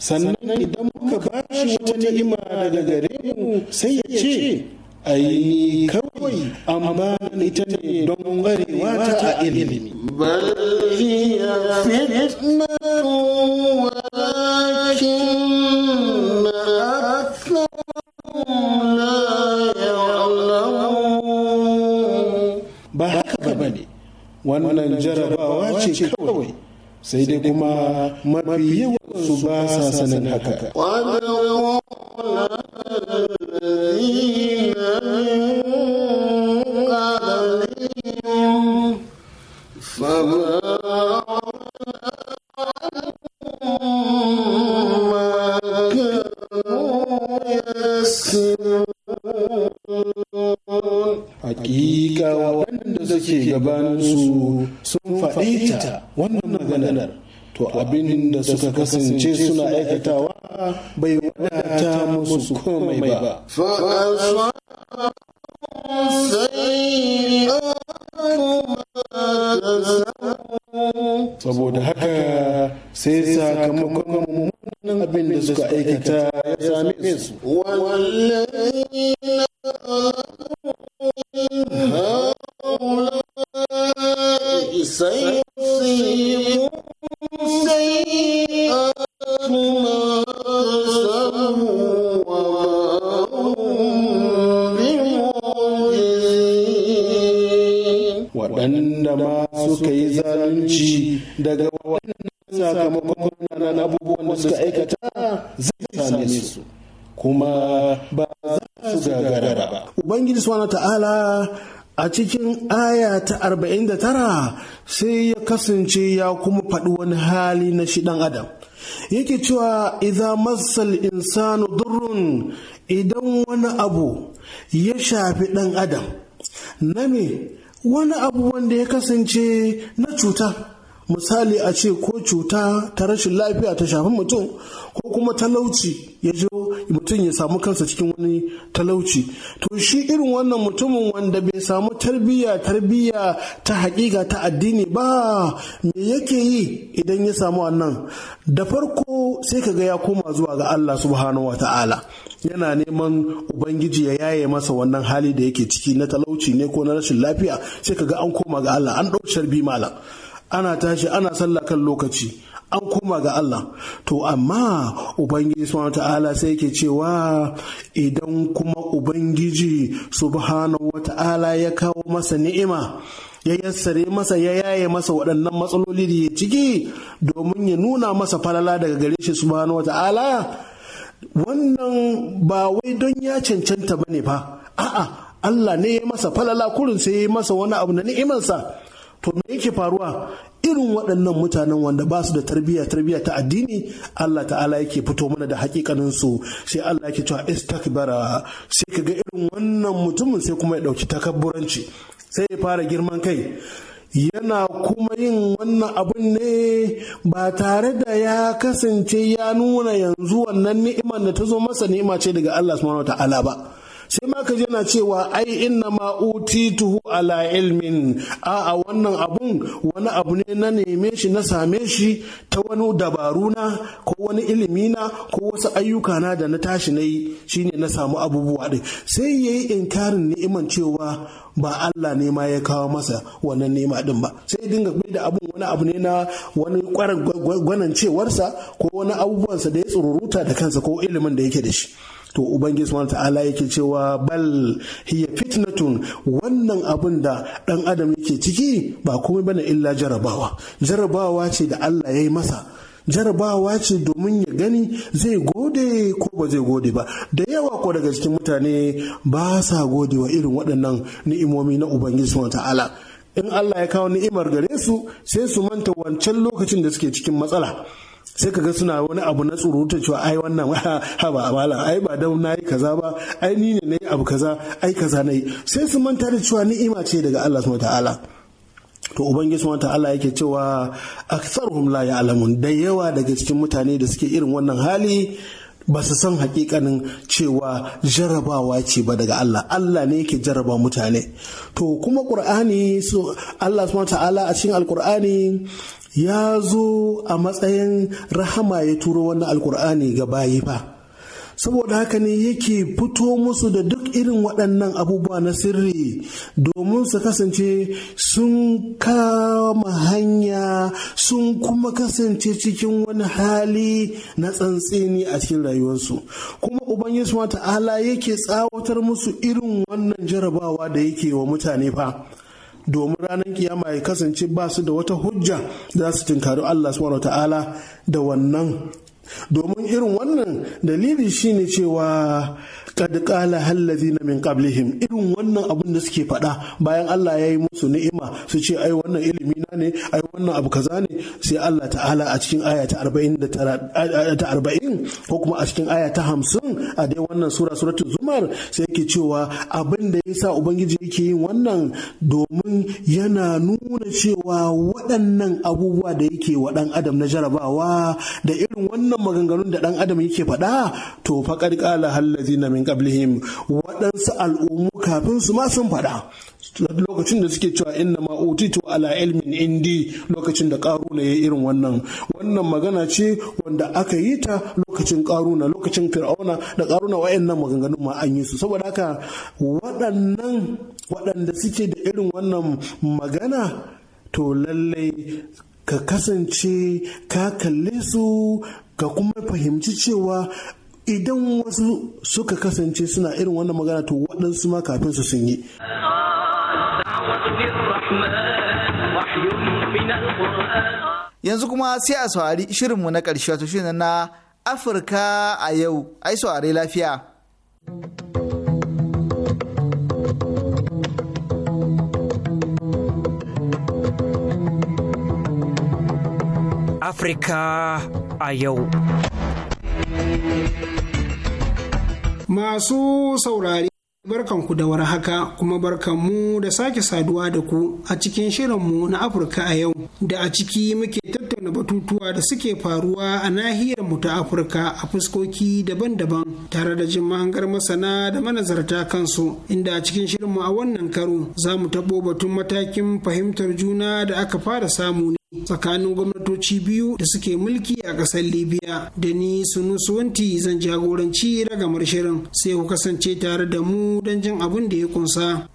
sannan idan muka ba shi wata ni'ima daga gare mu sai ya ce ai kawai an ba ita ne don warewa ta a ilimi sai dai kuma mafi yawan su ba sa sanin haka suka kasance suna aikatawa bai wadata musu komai ba daga wannan sakamakon na abubuwan da suka aikata zai same su kuma ba za su gagara ba ubangiji subhanahu ta'ala a cikin aya ta 49 sai ya kasance ya kuma faɗi wani hali na shi ɗan adam yake cewa idan masal insanu durrun idan wani abu ya shafi ɗan adam na me wani abu wanda ya kasance na cuta misali a ce ko cuta ta rashin lafiya ta shafi mutum ko kuma talauci ya je mutum ya samu kansa cikin wani talauci to shi irin wannan mutumin wanda bai samu tarbiyya tarbiyya ta hakika ta addini ba me yake yi idan ya samu wannan da farko sai ka ga ya koma zuwa ga Allah subhanahu wata'ala yana neman ubangiji ya yaye masa wannan hali da yake ciki na talauci ne ko na rashin lafiya sai ka ga an koma ga Allah an ɗau sharbi malam ana tashi ana sallah kan lokaci an kuma ga Allah to amma ubangiji subhanahu ta'ala sai yake cewa idan kuma ubangiji subhanahu ta'ala ya kawo masa ni'ima ya yassare masa ya yaye masa waɗannan matsaloli da ya ciki domin ya nuna masa falala daga gare shi subhanahu ta'ala wannan ba wai don ya cancanta ba ne fa a'a Allah ne ya masa falala kurin sai ya masa wani abu na ni'imarsa to me yake faruwa irin waɗannan mutanen wanda ba su da tarbiyya tarbiyya ta addini Allah ta'ala yake fito mana da hakikanin su sai Allah yake cewa istakbara sai kaga irin wannan mutumin sai kuma ya ɗauki takabburanci sai ya fara girman kai yana kuma yin wannan abun ne ba tare da ya kasance ya nuna yanzu wannan ni'imar da ta zo masa ni'ima ce daga Allah subhanahu wa ta'ala ba sai ma ka yana cewa ai inna ma utituhu ala ilmin a a wannan abun wani abu ne na neme shi na same shi ta wani dabaru na ko wani ilimi na ko wasu ayyuka na da na tashi na yi shine na samu abubuwa ɗin sai ya yayi inkarin ni'iman cewa ba Allah ne ma ya kawo masa wannan nema din ba sai dinga bai da abun wani abu ne na wani kwarar gwanancewarsa ko wani abubuwansa da ya tsururuta da kansa ko ilimin da yake da shi to ubangiji subhanahu ta'ala yake cewa bal hiya fitnatun wannan abun da dan adam yake ciki ba komai bane illa jarabawa jarabawa ce da Allah ya yi masa jarabawa ce domin ya gani zai gode ko ba zai gode ba da yawa ko daga cikin mutane ba sa gode wa irin waɗannan ni'imomi na ubangiji subhanahu ta'ala in Allah ya kawo ni'imar gare su sai su manta wancan lokacin da suke cikin matsala sai kaga suna wani abu na tsuruta cewa ai wannan ha ba malam ai ba dan nayi kaza ba ai ni ne nayi abu kaza ai kaza nayi sai su manta da cewa ni'ima ce daga Allah subhanahu ta'ala to ubangiji subhanahu ta'ala yake cewa aktsaruhum la ya'lamun da yawa daga cikin mutane da suke irin wannan hali ba su san hakikanin cewa jarabawa ce ba daga Allah Allah ne yake jaraba mutane to kuma qur'ani Allah subhanahu ta'ala a cikin alqur'ani ya zo a matsayin rahama ya turo wannan alkur'ani ga bayi fa saboda haka ne yake fito musu da duk irin waɗannan abubuwa na sirri domin su kasance sun kama hanya sun kuma kasance cikin wani hali na tsantseni a cikin rayuwarsu kuma uban yesu ta'ala yake tsawatar musu irin wannan jarabawa da yake wa mutane fa domin ranar kiyama ya kasance ba su da wata hujja da za su tunkari Allah subhanahu ta'ala da wannan domin irin wannan dalili shine cewa kad qala allazina min qablihim irin wannan abun da suke faɗa bayan Allah ya yi musu ni'ima su ce ai wannan ilimi na ne ai wannan abu kaza ne sai Allah ta'ala a cikin aya ta 49 ta 40 ko kuma a cikin aya ta 50 a dai wannan sura suratul zumar sai yake cewa abin da yasa ubangiji yake yin wannan domin yana nuna cewa waɗannan abubuwa da yake wa ɗan adam na jarabawa da irin wannan maganganun da ɗan adam yake faɗa to faqad qala allazina min waɗansu al'ummu kafin su ma sun faɗa lokacin da suke cewa inna ma utitu ala ilmin indi lokacin da karuna ya irin wannan wannan magana ce wanda aka yi ta lokacin karuna lokacin fir'auna da karuna wayannan maganganun ma an yi su saboda haka waɗannan waɗanda suke da irin wannan magana to lallai ka kasance ka kalle su ka kuma fahimci cewa idan wasu suka kasance suna irin wannan magana to waɗansu ma kafin su sun yi yanzu kuma sai a saurari shirinmu na ƙarshe wato shirin na afirka a yau ai saurari lafiya Afirka a yau. Masu saurare barkanku da warhaka kuma barkanmu da sake saduwa da ku a cikin shirinmu na Afirka a yau da a ciki muke tattauna batutuwa da suke faruwa a nahiyar mu ta Afirka a fuskoki daban-daban tare da jin mahangar masana da manazarta kansu inda a cikin shirinmu a wannan karo za mu tabo batun matakin fahimtar juna da aka fara samu ne. tsakanin gwamnatoci biyu da suke mulki a ƙasar libya da ni suwanti zan jagoranci ragamar shirin sai ku kasance tare da mu don jin abin da ya kunsa.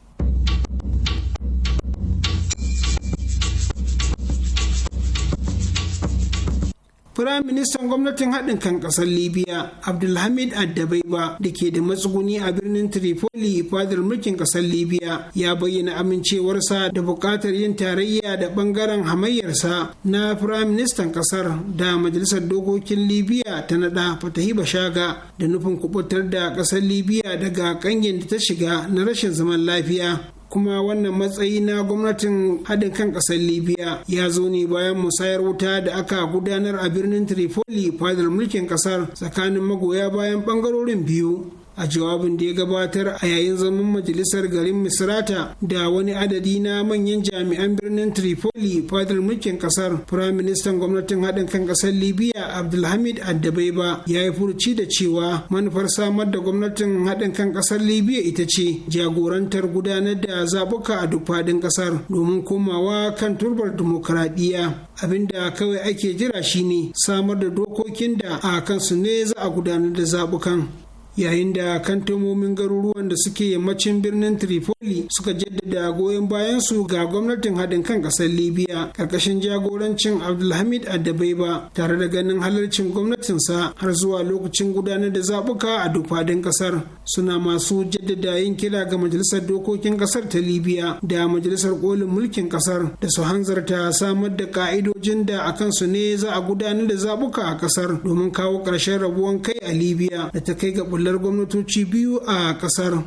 Firaministan gwamnatin haɗin kan ƙasar Libya Abdulhamid Addabaiba da ke da matsuguni a birnin Tripoli fadar mulkin ƙasar Libya ya bayyana amincewarsa da buƙatar yin tarayya da ɓangaren hamayyarsa na Firaministan ƙasar da Majalisar Dokokin Libya ta naɗa Fatahi Bashaga da nufin kubutar da ƙasar Libya daga ƙangin da ta shiga na rashin zaman lafiya kuma wannan matsayi na gwamnatin haɗin kan ƙasar libya ya zo ne bayan musayar wuta da aka gudanar a birnin tripoli fadar mulkin ƙasar tsakanin magoya bayan ɓangarorin biyu a jawabin da ya gabatar a yayin zaman majalisar garin misrata da wani adadi na manyan jami'an birnin tripoli fadar mulkin kasar firaministan gwamnatin haɗin kan kasar libya abdulhamid addabaiba ya yi furuci da cewa manufar samar da gwamnatin haɗin kan kasar libya ita ce jagorantar gudanar da zaɓuka a duk faɗin kasar domin komawa kan turbar dimokuraɗiyya abinda kawai ake jira shine samar da dokokin da a kansu ne za a gudanar da zaɓukan yayin da kantomomin garuruwan da suke yammacin birnin Tripoli suka jaddada goyon bayansu ga gwamnatin haɗin kan ƙasar Libya ƙarƙashin jagorancin Abdulhamid Addabaiba tare da ganin halarcin gwamnatinsa har zuwa lokacin gudanar da zaɓuka a duk faɗin ƙasar suna masu jaddada yin kira ga majalisar dokokin ƙasar ta Libya da majalisar ƙolin mulkin ƙasar da su hanzarta samar da ƙa'idojin da a kansu ne za a gudanar da zaɓuka a ƙasar domin kawo ƙarshen rabuwan kai a Libya da ta kai ga hular gwamnatoci biyu a kasar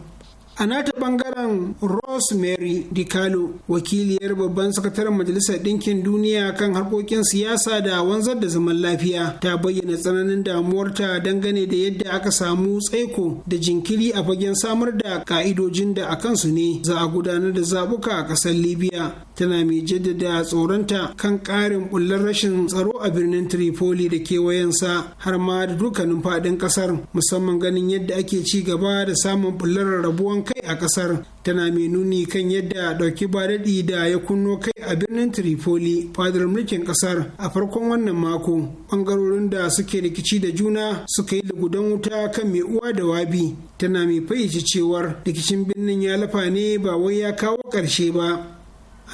a nata bangaren rosemary dicalo wakiliyar babban sakataren majalisar ɗinkin duniya kan harkokin siyasa da wanzar da zaman lafiya ta bayyana tsananin damuwarta dangane da yadda aka samu tsaiko da jinkiri a fagen samar da ka'idojin da a kansu ne za a gudanar da zabuka a ƙasar libya tana mai jaddada tsoronta kan ƙarin bullar rashin tsaro a birnin Tripoli da kewayensa har ma da dukkanin faɗin ƙasar musamman ganin yadda ake ci gaba da samun bullar rabuwan kai a ƙasar tana mai nuni kan yadda ɗauki ba daɗi da ya kunno kai a birnin Tripoli fadar mulkin ƙasar a farkon wannan mako ɓangarorin da suke rikici da juna suka yi lugudan wuta kan mai uwa da wabi tana mai fayyace cewar rikicin birnin ya lafa ne ba wai ya kawo ƙarshe ba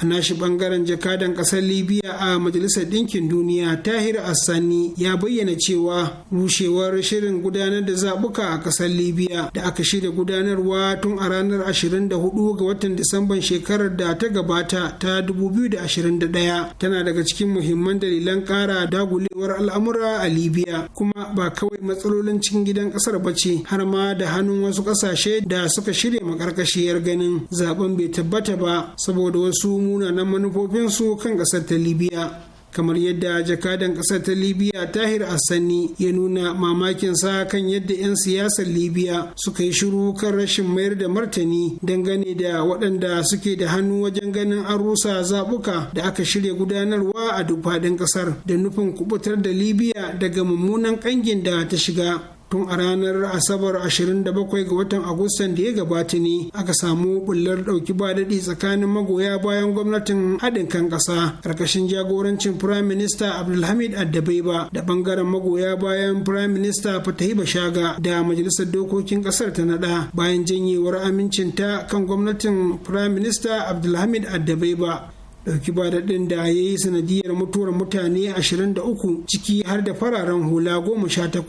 a nashi bangaren jakadan kasar libya a majalisar ɗinkin duniya tahir assani ya bayyana cewa rushewar shirin gudanar da zabuka a kasar libya da aka shirya gudanarwa tun a ranar 24 ga watan disamban shekarar da ta gabata ta 2021 tana daga cikin muhimman dalilan ƙara dagulewar al'amura a libya kuma ba kawai matsalolin cikin gidan ƙasar ba ce har ma da hannun wasu kasashe da suka shirya maƙarƙashiyar ganin zaben bai tabbata ba saboda wasu munanan manufofinsu kan ƙasar ta libya kamar yadda jakadan ƙasar ta libya tahir assani ya nuna mamakinsa kan yadda 'yan siyasar libya suka yi shiru kan rashin mayar da martani dangane da waɗanda suke da hannu wajen ganin an rusa zaɓuka da aka shirya gudanarwa a duk faɗin ƙasar da nufin kubutar da libya daga mummunan ƙangin da ta shiga tun a ranar asabar 27 ga watan agustan da ya gabata ne aka samu bullar dauki ba daɗi tsakanin magoya bayan gwamnatin haɗin kan ƙasa Karkashin jagorancin prime minister abdulhamid addabaiba da ɓangaren magoya bayan prime minister fatahi bashaga da majalisar dokokin ƙasar ta naɗa bayan janyewar amincinta kan gwamnatin prime minister abdulhamid addabaiba dauki ba daɗin da ya yi sanadiyar mutuwar mutane 23 ciki har da fararen hula 18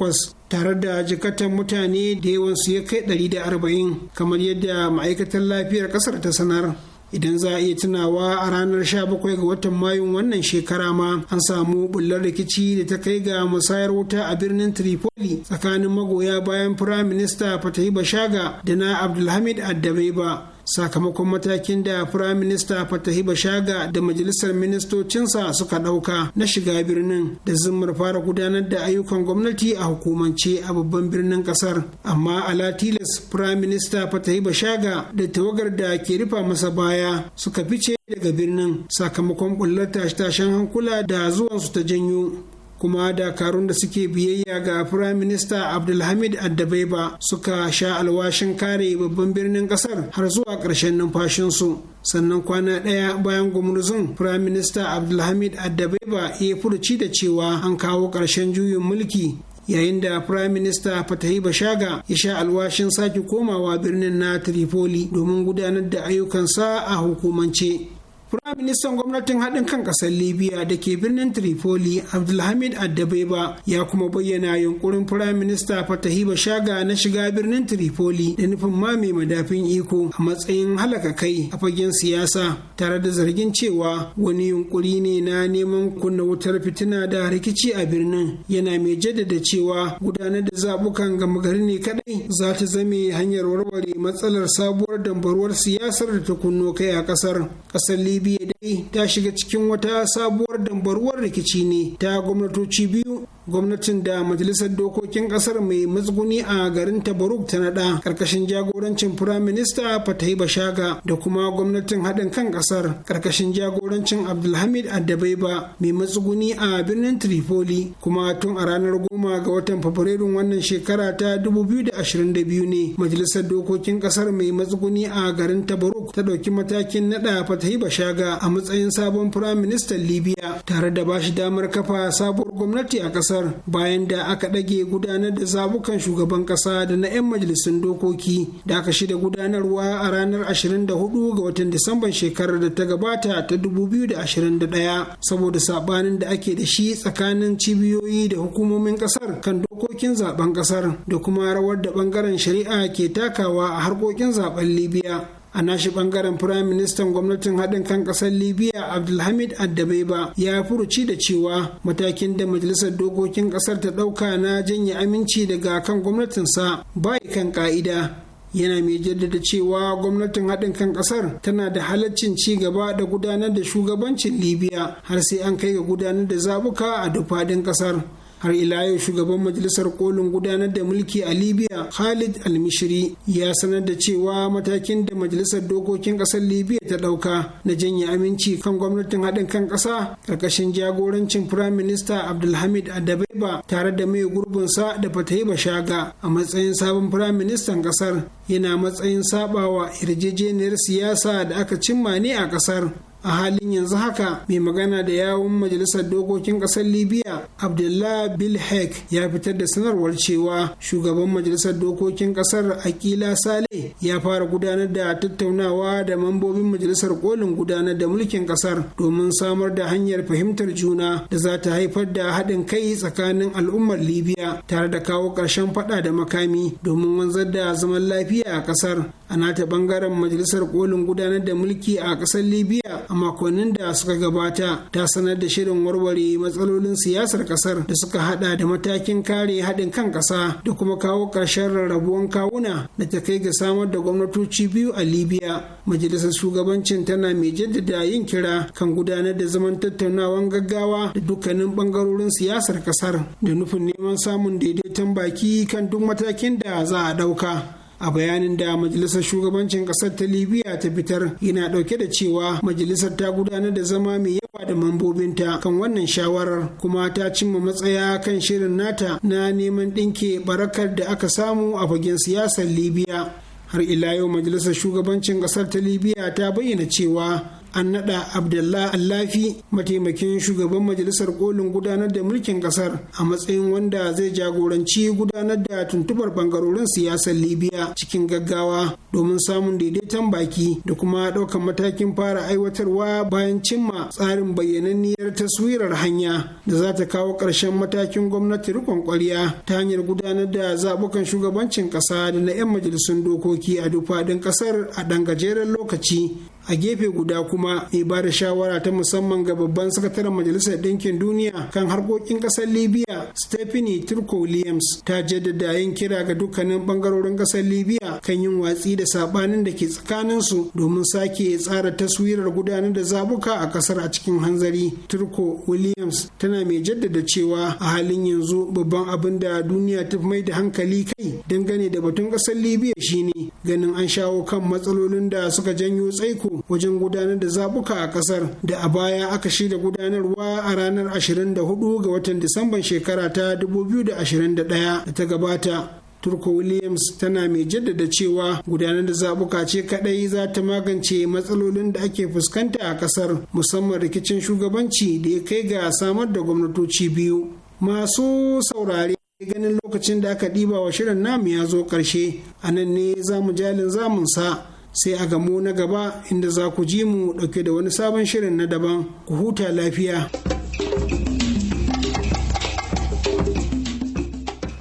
tare da jikatan mutane da yawansu ya kai 140 kamar yadda ma'aikatar lafiyar ƙasar ta sanar idan za a iya tunawa a ranar 17 ga watan mayun wannan shekara ma an samu bullar rikici da ta kai ga musayar wuta a birnin tripoli tsakanin magoya bayan firaminista fatahi bashaga da na abdulhamid addabai ba. sakamakon matakin da firayim minista fatahi bashaga da majalisar ministocinsa suka ɗauka na shiga birnin da zimmar fara gudanar da ayyukan gwamnati a hukumance a babban birnin ƙasar amma ala tilas firayim minista fatahi bashaga da tawagar da ke rufa masa baya suka fice daga birnin sakamakon bullar tashe-tashen hankula da zuwansu ta janyo kuma dakarun da suke biyayya ga firayim minista abdulhamid addabaiba suka sha alwashin kare babban birnin kasar har zuwa ƙarshen numfashinsu sannan kwana ɗaya bayan gumurzun firayim minista abdulhamid addabaiba ya furci da cewa an kawo ƙarshen juyin mulki yayin da Prime Minister Fatahi Bashaga ya sha alwashin sake komawa birnin na Tripoli domin gudanar da ayyukansa a hukumance. Firaministan gwamnatin haɗin kan ƙasar Libya da ke birnin Tripoli Abdulhamid Addabeba ya kuma bayyana yunkurin Firaminista Fatahi Bashaga na shiga birnin Tripoli da nufin mame madafin iko a matsayin halaka kai a fagen siyasa tare da zargin cewa wani yunkuri ne na neman kunna wutar fitina da rikici a birnin yana mai jaddada cewa gudanar da zabukan gama gari ne kadai za ta zame hanyar warware matsalar sabuwar dambaruwar siyasar da ta kunno kai a ƙasar. Ƙasar Libya libya dai ta shiga cikin wata sabuwar dambaruwar rikici ne ta gwamnatoci biyu gwamnatin da majalisar dokokin kasar mai matsuguni a garin tabaruk ta nada karkashin jagorancin firaminista fatai bashaga da kuma gwamnatin haɗin kan kasar karkashin jagorancin abdulhamid addabaiba mai matsuguni a birnin tripoli kuma tun a ranar goma ga watan fabrairun wannan shekara ta 2022 ne majalisar dokokin kasar mai matsuguni a garin tabaruk ta ɗauki matakin nada fatai bashaga daga a matsayin sabon firaministan Libya tare da ba shi damar kafa sabuwar gwamnati a kasar bayan da aka ɗage gudanar da zabukan shugaban ƙasa da na 'yan majalisun dokoki da aka shida gudanarwa a ranar 24 ga watan Disamban shekarar da ta gabata ta 2021 saboda sabanin da ake da shi tsakanin cibiyoyi da hukumomin ƙasar kan dokokin zaben ƙasar da kuma rawar da bangaren shari'a ke takawa a harkokin zaben Libya. a nashi bangaren firayim ministan gwamnatin haɗin kan ƙasar libya abdulhamid addabaiba ya furuci da cewa matakin da majalisar dokokin ƙasar ta ɗauka na janye aminci daga kan gwamnatinsa bai kan ƙa'ida yana mai jaddada cewa gwamnatin haɗin kan ƙasar tana da halaccin ci gaba da gudanar da shugabancin libya har sai an kai ga gudanar da zabuka a duk faɗin ƙasar har ila yau shugaban majalisar kolin gudanar da mulki a libya khalid almishiri ya sanar da cewa matakin da majalisar dokokin kasar libya ta dauka na janye aminci kan gwamnatin haɗin kan ƙasa ƙarƙashin jagorancin firayim minista abdulhamid adabaiba tare da mai gurbinsa da ba shaga a matsayin sabon firayim ministan ƙasar yana matsayin sabawa yarjejeniyar siyasa da aka cimma ne a ƙasar a halin yanzu haka mai magana da yawon majalisar dokokin kasar libya abdullah bilhek ya fitar da sanarwar cewa shugaban majalisar dokokin kasar akila sale ya fara gudanar da tattaunawa da mambobin majalisar kolin gudanar da mulkin kasar domin samar da hanyar fahimtar juna da za ta haifar da haɗin kai tsakanin al'ummar libya tare da kawo ƙarshen faɗa da makami domin wanzar da zaman lafiya a kasar a nata bangaren majalisar kolin gudanar da mulki a ƙasar libya a makonnin da suka gabata ta sanar da shirin warware matsalolin siyasar kasar da suka hada da matakin kare haɗin kan ƙasa da kuma kawo ƙarshen rarrabuwan kawuna da ta kai ga samar da gwamnatoci biyu a libya majalisar shugabancin tana mai jaddada yin kira kan gudanar da zaman tattaunawan gaggawa da dukkanin ɓangarorin siyasar kasar da nufin neman samun daidaiton baki kan duk matakin da za a ɗauka a bayanin da majalisar shugabancin kasar ta libya ta fitar yana dauke da cewa majalisar ta gudanar da zama mai yawa da mambobinta kan wannan shawarar kuma ta cimma matsaya kan shirin nata na neman ɗinke barakar da aka samu a fagen siyasar libya har ila yau majalisar shugabancin kasar ta libya ta bayyana cewa an naɗa abdullah allafi mataimakin shugaban majalisar kolin gudanar da mulkin kasar a matsayin wanda zai jagoranci gudanar da tuntubar bangarorin siyasar libya cikin gaggawa domin samun daidaiton baki da kuma ɗaukar matakin fara aiwatarwa bayan cimma tsarin bayyananniyar taswirar hanya da za ta kawo ƙarshen matakin gwamnati rikon ƙwarya ta hanyar gudanar da zaɓukan shugabancin ƙasa da na 'yan majalisun dokoki a duk faɗin ƙasar a ɗan gajeren lokaci a gefe guda kuma mai ba da shawara ta musamman ga babban sakataren majalisar ɗinkin duniya kan harkokin ƙasar libya stephanie turko williams ta jaddada yin kira ga dukkanin ɓangarorin ƙasar libya kan yin watsi da saɓanin da ke tsakaninsu domin sake tsara taswirar gudanar da zabuka a ƙasar a cikin hanzari turko williams tana mai jaddada cewa a halin yanzu babban abin da duniya ta mai da hankali kai dangane da batun ƙasar libya shine ganin an shawo kan matsalolin da suka janyo tsaiko wajen gudanar da zabuka a kasar da a baya aka shirya gudanarwa a ranar 24 ga watan Disamban shekara ta 2021 da ta gabata. Turko Williams tana mai jaddada cewa gudanar da zabuka ce kadai za ta magance matsalolin da ake fuskanta a kasar musamman rikicin shugabanci da ya kai ga samar da gwamnatoci biyu. Masu saurare ganin lokacin da aka ɗiba wa shirin namu ya zo ƙarshe a nan ne za mu jalin zamunsa sai a gamo na gaba inda za ku ji mu ɗauke da wani sabon shirin na daban ku huta lafiya.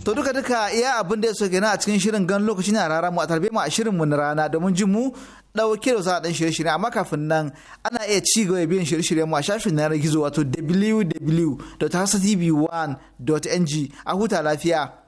To duka duka iya abin da ya soke na a cikin shirin gan lokaci na rara mu a tarbe mu a shirin mu na rana domin jin mu dauke da dan shirye-shirye amma kafin nan ana iya ci gaba biyan shirye shirye mu a shafin na gizo wato www.hasatv1.ng a huta lafiya.